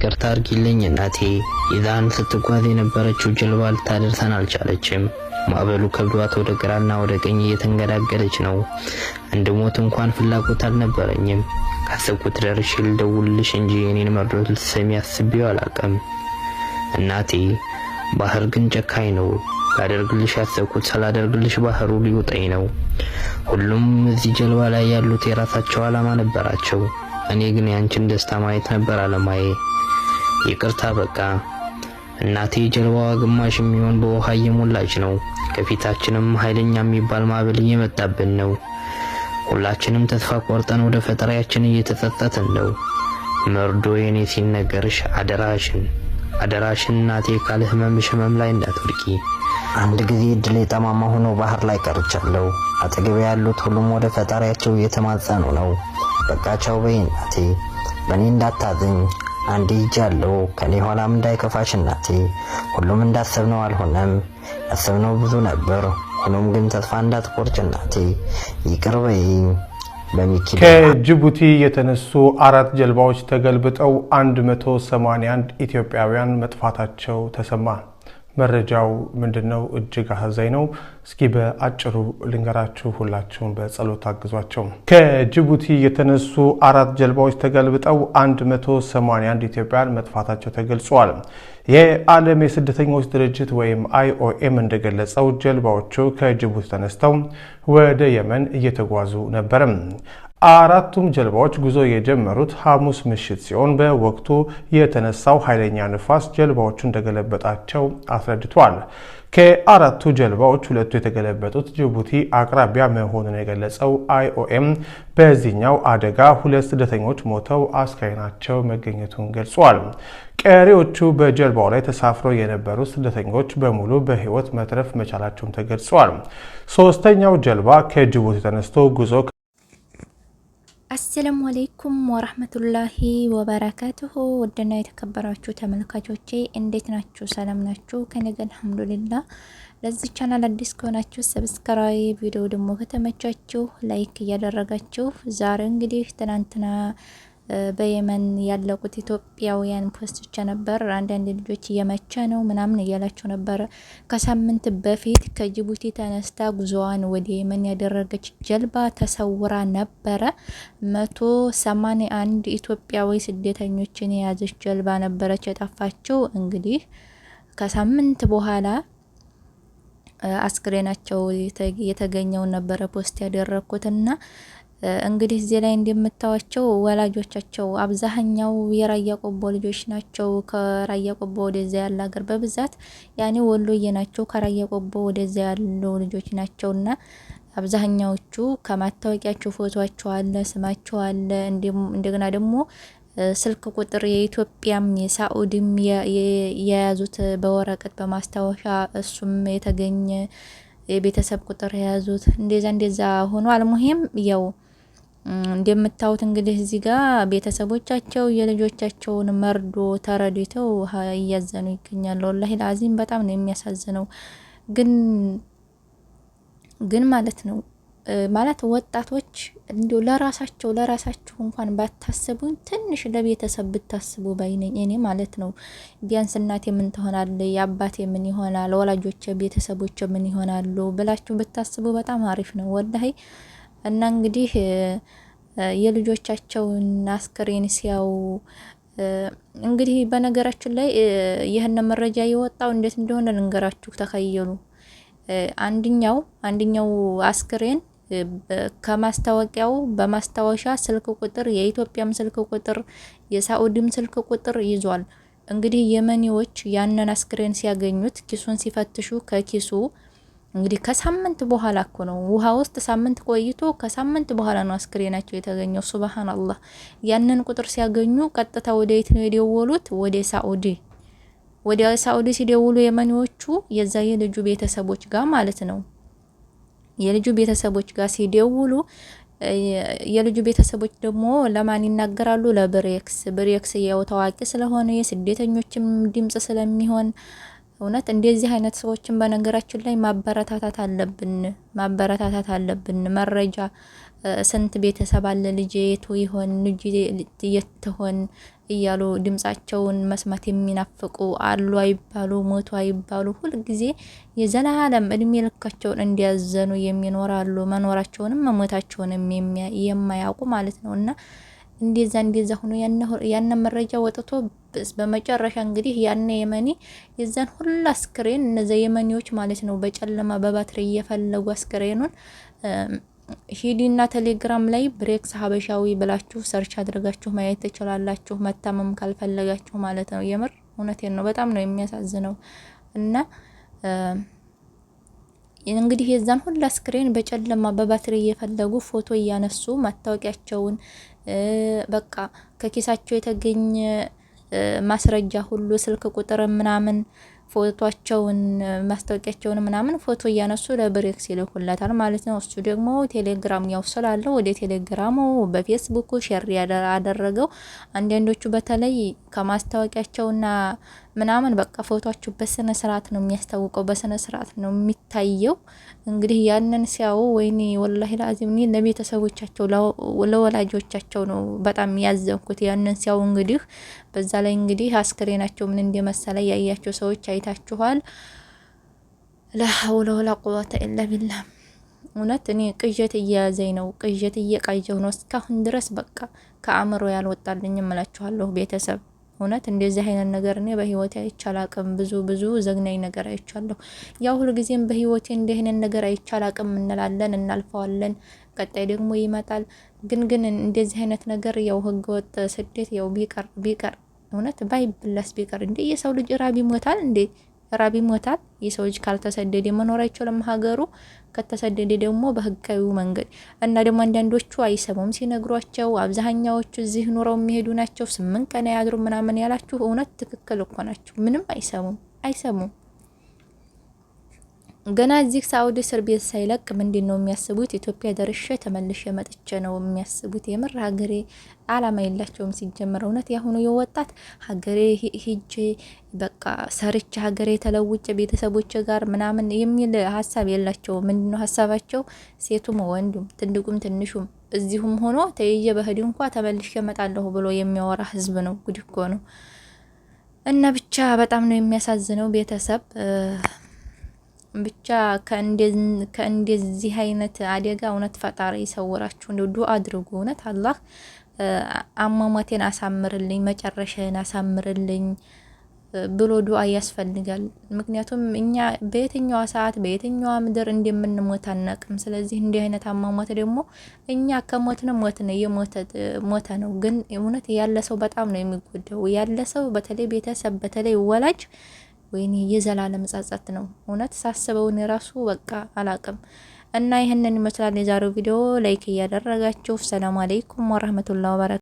ቅርታ አርጊልኝ እናቴ፣ ይዛን ስትጓዝ የነበረችው ጀልባ ልታደርሰን አልቻለችም። ማዕበሉ ከብዷት ወደ ግራና ወደ ቀኝ እየተንገዳገደች ነው። እንድሞት እንኳን ፍላጎት አልነበረኝም። ካሰብኩት ደርሼ ልደውልልሽ እንጂ የኔን መርዶት ልትሰሚ አስቤው አላቅም እናቴ ባህር ግን ጨካኝ ነው። ላደርግልሽ ያሰብኩት ስላደርግልሽ ባህሩ ሊውጠኝ ነው። ሁሉም እዚህ ጀልባ ላይ ያሉት የራሳቸው ዓላማ ነበራቸው። እኔ ግን ያንቺን ደስታ ማየት ነበር አለማዬ። ይቅርታ በቃ እናቴ፣ ጀልባዋ ግማሽ የሚሆን በውሃ እየሞላች ነው። ከፊታችንም ኃይለኛ የሚባል ማዕበል እየመጣብን ነው። ሁላችንም ተስፋ ቆርጠን ወደ ፈጣሪያችን እየተጸጸትን ነው። መርዶ የኔ ሲነገርሽ አደራሽን አደራሽ እናቴ ካለ ሽመም ህመም ላይ እንዳትወድቂ። አንድ ጊዜ እድሌ ጠማማ ሆኖ ባህር ላይ ቀርቻለሁ። አጠገቤ ያሉት ሁሉም ወደ ፈጣሪያቸው እየተማጸኑ ነው። በቃቸው በይ እናቴ፣ በእኔ እንዳታዝኝ። አንዴ አለው ከኔ ኋላም እንዳይከፋሽ እናቴ። ሁሉም እንዳሰብነው አልሆነም። ያሰብነው ብዙ ነበር። ሆኖም ግን ተስፋ እንዳትቆርጭ እናቴ፣ ይቅር በይኝ። ከጅቡቲ የተነሱ አራት ጀልባዎች ተገልብጠው 181 ኢትዮጵያውያን መጥፋታቸው ተሰማ። መረጃው ምንድን ነው? እጅግ አሳዛኝ ነው። እስኪ በአጭሩ ልንገራችሁ፣ ሁላችሁም በጸሎት አግዟቸው። ከጅቡቲ የተነሱ አራት ጀልባዎች ተገልብጠው 181 ኢትዮጵያን መጥፋታቸው ተገልጿል። የዓለም የስደተኞች ድርጅት ወይም አይኦኤም እንደገለጸው ጀልባዎቹ ከጅቡቲ ተነስተው ወደ የመን እየተጓዙ ነበርም። አራቱም ጀልባዎች ጉዞ የጀመሩት ሐሙስ ምሽት ሲሆን በወቅቱ የተነሳው ኃይለኛ ንፋስ ጀልባዎቹ እንደገለበጣቸው አስረድቷል። ከአራቱ ጀልባዎች ሁለቱ የተገለበጡት ጅቡቲ አቅራቢያ መሆኑን የገለጸው አይኦኤም በዚህኛው አደጋ ሁለት ስደተኞች ሞተው አስከሬናቸው መገኘቱን ገልጿል። ቀሪዎቹ በጀልባው ላይ ተሳፍረው የነበሩ ስደተኞች በሙሉ በሕይወት መትረፍ መቻላቸውም ተገልጿል። ሶስተኛው ጀልባ ከጅቡቲ ተነስቶ ጉዞ አሰላሙ አሌይኩም ወራህመቱላሂ ወበረካቱሁ ውድና የተከበራችሁ ተመልካቾቼ እንዴት ናችሁ? ሰላም ናችሁ? ከነገ አልሐምዱሊላ። ለዚህ ቻናል አዲስ ከሆናችሁ ሰብስክራይብ፣ ቪዲዮ ደግሞ ከተመቻችሁ ላይክ እያደረጋችሁ ዛሬ እንግዲህ ትናንትና በየመን ያለቁት ኢትዮጵያውያን ፖስቶች ነበር። አንዳንድ ልጆች እየመቸ ነው ምናምን እያላቸው ነበረ። ከሳምንት በፊት ከጅቡቲ ተነስታ ጉዞዋን ወደ የመን ያደረገች ጀልባ ተሰውራ ነበረ። መቶ ሰማንያ አንድ ኢትዮጵያዊ ስደተኞችን የያዘች ጀልባ ነበረች የጠፋቸው። እንግዲህ ከሳምንት በኋላ አስክሬናቸው የተገኘውን ነበረ ፖስት ያደረግኩትና እንግዲህ እዚህ ላይ እንደምታዋቸው ወላጆቻቸው አብዛኛው የራያ ቆቦ ልጆች ናቸው። ከራያ ቆቦ ወደዛ ያለ ሀገር በብዛት ያኔ ወሎዬ ናቸው። ከራያ ቆቦ ወደዛ ያሉ ልጆች ናቸውና አብዛኛዎቹ ከማታወቂያቸው ፎቶቸው አለ፣ ስማቸው አለ። እንደገና ደግሞ ስልክ ቁጥር የኢትዮጵያም የሳኡዲም የያዙት በወረቀት በማስታወሻ እሱም የተገኘ የቤተሰብ ቁጥር የያዙት እንደዛ እንደዛ ሆኖ አልሙሄም ያው እንደምታዩት እንግዲህ እዚህ ጋር ቤተሰቦቻቸው የልጆቻቸውን መርዶ ተረድተው እያዘኑ ይገኛሉ። ወላሂ ለአዚም በጣም ነው የሚያሳዝነው። ግን ግን ማለት ነው ማለት ወጣቶች እንዲሁ ለራሳቸው ለራሳችሁ እንኳን ባታስቡኝ ትንሽ ለቤተሰብ ብታስቡ ባይነኝ እኔ ማለት ነው። ቢያንስ እናቴ ምን ትሆናል፣ የአባቴ ምን ይሆናል፣ ወላጆቼ ቤተሰቦቼ ምን ይሆናሉ ብላችሁ ብታስቡ በጣም አሪፍ ነው ወላሂ እና እንግዲህ የልጆቻቸውን አስክሬን ሲያው እንግዲህ በነገራችን ላይ ይህን መረጃ የወጣው እንዴት እንደሆነ ልንገራችሁ፣ ተከየሉ አንድኛው አንድኛው አስክሬን ከማስታወቂያው በማስታወሻ ስልክ ቁጥር የኢትዮጵያም ስልክ ቁጥር የሳኡዲም ስልክ ቁጥር ይዟል። እንግዲህ የመኒዎች ያንን አስክሬን ሲያገኙት ኪሱን ሲፈትሹ ከኪሱ እንግዲህ ከሳምንት በኋላ እኮ ነው ውሃ ውስጥ ሳምንት ቆይቶ ከሳምንት በኋላ ነው አስክሬናቸው የተገኘው። ሱብሃንአላህ። ያንን ቁጥር ሲያገኙ ቀጥታ ወደ የት ነው የደወሉት? ወደ ሳኡዲ። ወደ ሳኡዲ ሲደውሉ የመኒዎቹ የዛ የልጁ ቤተሰቦች ጋር ማለት ነው የልጁ ቤተሰቦች ጋር ሲደውሉ የልጁ ቤተሰቦች ደግሞ ለማን ይናገራሉ? ለብሬክስ። ብሬክስ ያው ታዋቂ ስለሆነ የስደተኞችም ድምጽ ስለሚሆን እውነት እንደዚህ አይነት ሰዎችን በነገራችን ላይ ማበረታታት አለብን፣ ማበረታታት አለብን። መረጃ ስንት ቤተሰብ አለ ልጅ የቱ ይሆን ልጅ የት ትሆን እያሉ ድምጻቸውን መስማት የሚናፍቁ አሉ አይባሉ፣ ሞቱ አይባሉ። ሁልጊዜ የዘላለም እድሜ ልካቸውን እንዲያዘኑ የሚኖራሉ መኖራቸውንም መሞታቸውንም የማያውቁ ማለት ነው እና እንደዛ እንደዛ ሆኖ ያነ መረጃ ወጥቶ በጥብስ። በመጨረሻ እንግዲህ ያነ የመኒ የዛን ሁላ አስክሬን እነዚያ የመኒዎች ማለት ነው በጨለማ በባትሪ እየፈለጉ አስክሬኑን ሂዲና ቴሌግራም ላይ ብሬክስ ሀበሻዊ ብላችሁ ሰርች አድርጋችሁ ማየት ትችላላችሁ። መታመም ካልፈለጋችሁ ማለት ነው። የምር እውነቴን ነው። በጣም ነው የሚያሳዝነው እና እንግዲህ የዛን ሁላ ስክሪን በጨለማ በባትሪ እየፈለጉ ፎቶ እያነሱ ማታወቂያቸውን በቃ ከኪሳቸው የተገኘ ማስረጃ ሁሉ ስልክ ቁጥር ምናምን ፎቶቸውን ማስታወቂያቸውን ምናምን ፎቶ እያነሱ ለብሬክስ ይልኩለታል ማለት ነው። እሱ ደግሞ ቴሌግራም ያው ስላለው ወደ ቴሌግራሙ በፌስቡኩ ሼር አደረገው። አንዳንዶቹ በተለይ ከማስታወቂያቸውና ምናምን በቃ ፎቷችሁ በስነ ስርዓት ነው የሚያስታውቀው፣ በስነ ስርዓት ነው የሚታየው። እንግዲህ ያንን ሲያዩ ወይኔ ወላሂ ላዚም እኔ ለቤተሰቦቻቸው ለወላጆቻቸው ነው በጣም ያዘንኩት። ያንን ሲያዩ እንግዲህ በዛ ላይ እንግዲህ አስክሬናቸው ምን እንደመሰለ ያያቸው ሰዎች አይታችኋል። ላሀውለ ወላ ቁዋተ ኢላ ቢላህ። እውነት እኔ ቅዠት እየያዘኝ ነው፣ ቅዠት እየቃየሁ ነው። እስካሁን ድረስ በቃ ከአእምሮ ያልወጣልኝ እምላችኋለሁ ቤተሰብ እውነት እንደዚህ አይነት ነገር እኔ በህይወቴ አይቻላቅም። ብዙ ብዙ ዘግናኝ ነገር አይቻለሁ። ያው ሁልጊዜም በህይወቴ እንዲህ አይነት ነገር አይቻላቅም እንላለን፣ እናልፈዋለን። ቀጣይ ደግሞ ይመጣል። ግን ግን እንደዚህ አይነት ነገር ያው ህገወጥ ስደት ያው ቢቀር ቢቀር እውነት ባይብላስ ቢቀር እንዴ የሰው ልጅ ራብ ይሞታል እንዴ? ራብ ይሞታል። የሰው ልጅ ካልተሰደደ መኖር አይችልም ሀገሩ። ከተሰደደ ደግሞ በህጋዊ መንገድ እና ደግሞ አንዳንዶቹ አይሰሙም ሲነግሯቸው፣ አብዛኛዎቹ እዚህ ኑረው የሚሄዱ ናቸው። ስምንት ቀን ያድሩ ምናምን ያላችሁ እውነት ትክክል እኮ ናቸው። ምንም አይሰሙም አይሰሙም። ገና እዚህ ሳውዲ እስር ቤት ሳይለቅ ምንድን ነው የሚያስቡት? ኢትዮጵያ ደርሼ ተመልሼ መጥቼ ነው የሚያስቡት። የምር ሀገሬ አላማ የላቸውም ሲጀመር። እውነት ያሁኑ የወጣት ሀገሬ ሂጄ በቃ ሰርቼ ሀገሬ ተለውጬ ቤተሰቦች ጋር ምናምን የሚል ሀሳብ የላቸውም። ምንድን ነው ሀሳባቸው? ሴቱም ወንዱም ትልቁም ትንሹም እዚሁም ሆኖ ተየየ በህድ እንኳ ተመልሼ እመጣለሁ ብሎ የሚያወራ ህዝብ ነው። ጉድ እኮ ነው። እና ብቻ በጣም ነው የሚያሳዝነው ቤተሰብ ብቻ ከእንደዚህ አይነት አደጋ እውነት ፈጣሪ ይሰውራችሁ። እንደ ዱ አድርጉ። እውነት አላህ አሟሟቴን አሳምርልኝ፣ መጨረሻዬን አሳምርልኝ ብሎ ዱአ ያስፈልጋል። ምክንያቱም እኛ በየትኛዋ ሰዓት በየትኛዋ ምድር እንደምንሞት አናቅም። ስለዚህ እንዲህ አይነት አሟሟት ደግሞ እኛ ከሞትን ሞት ነው የሞተ ነው። ግን እውነት ያለ ሰው በጣም ነው የሚጎዳው ያለ ሰው፣ በተለይ ቤተሰብ፣ በተለይ ወላጅ ወይኔ የዘላለም ጸጸት ነው እውነት ሳስበውን የራሱ በቃ አላቅም። እና ይህንን ይመስላል የዛሬው ቪዲዮ። ላይክ እያደረጋችሁ ሰላም አለይኩም ወረህመቱላ ወበረካቱ